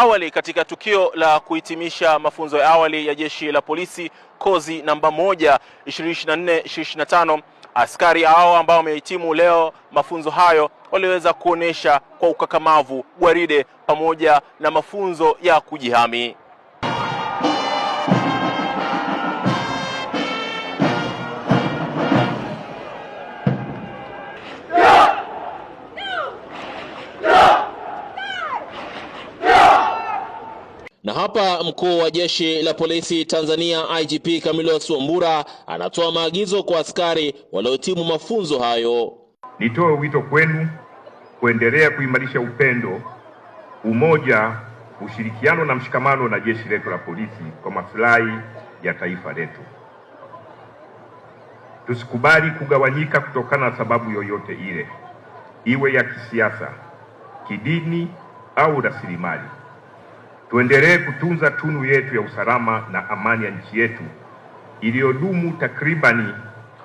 Awali, katika tukio la kuhitimisha mafunzo ya awali ya jeshi la polisi kozi namba moja 2024 2025, askari hao ambao wamehitimu leo mafunzo hayo waliweza kuonesha kwa ukakamavu gwaride pamoja na mafunzo ya kujihami. Na hapa mkuu wa jeshi la polisi Tanzania IGP Camillus Wambura anatoa maagizo kwa askari waliohitimu mafunzo hayo. Nitoe wito kwenu kuendelea kuimarisha upendo, umoja, ushirikiano na mshikamano na jeshi letu la polisi kwa maslahi ya taifa letu. Tusikubali kugawanyika kutokana na sababu yoyote ile, iwe ya kisiasa, kidini au rasilimali. Tuendelee kutunza tunu yetu ya usalama na amani ya nchi yetu iliyodumu takribani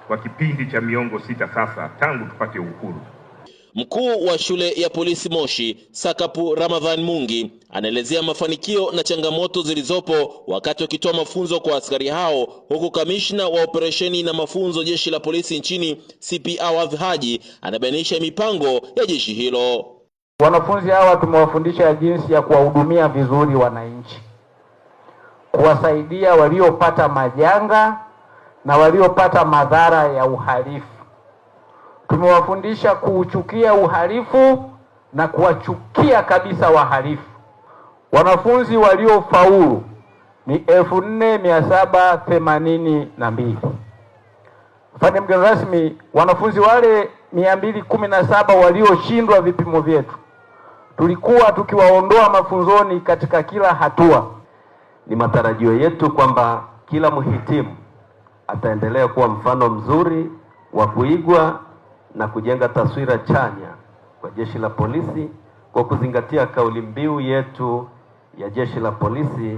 kwa kipindi cha miongo sita sasa tangu tupate uhuru. Mkuu wa shule ya polisi Moshi, Sakapu Ramadhan Mungi, anaelezea mafanikio na changamoto zilizopo wakati wakitoa mafunzo kwa askari hao, huku kamishna wa operesheni na mafunzo jeshi la polisi nchini, CP Awadh Haji, anabainisha mipango ya jeshi hilo. Wanafunzi hawa tumewafundisha jinsi ya kuwahudumia vizuri wananchi, kuwasaidia waliopata majanga na waliopata madhara ya uhalifu. Tumewafundisha kuuchukia uhalifu na kuwachukia kabisa wahalifu. Wanafunzi waliofaulu ni elfu nne mia saba themanini na mbili. Mfanye mgeni rasmi, wanafunzi wale mia mbili kumi na saba walioshindwa vipimo vyetu tulikuwa tukiwaondoa mafunzoni katika kila hatua. Ni matarajio yetu kwamba kila mhitimu ataendelea kuwa mfano mzuri wa kuigwa na kujenga taswira chanya kwa jeshi la polisi kwa kuzingatia kauli mbiu yetu ya jeshi la polisi,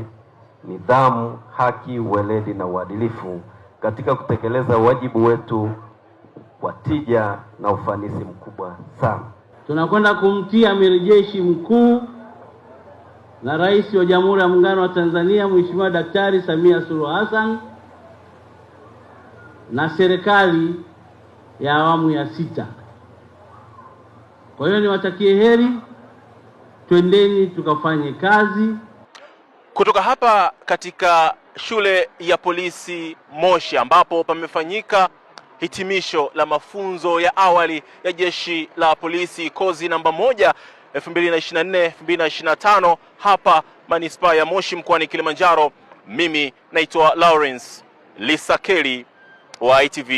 nidhamu, haki, uweledi na uadilifu katika kutekeleza wajibu wetu kwa tija na ufanisi mkubwa sana. Tunakwenda kumtia amiri jeshi mkuu na rais wa Jamhuri ya Muungano wa Tanzania Mheshimiwa Daktari Samia Suluhu Hassan na serikali ya awamu ya sita. Kwa hiyo niwatakie heri, twendeni tukafanye kazi. Kutoka hapa katika shule ya polisi Moshi ambapo pamefanyika hitimisho la mafunzo ya awali ya jeshi la polisi kozi namba moja 2024 2025 hapa manispaa ya Moshi mkoani Kilimanjaro. Mimi naitwa Lawrence Lisakeli wa ITV.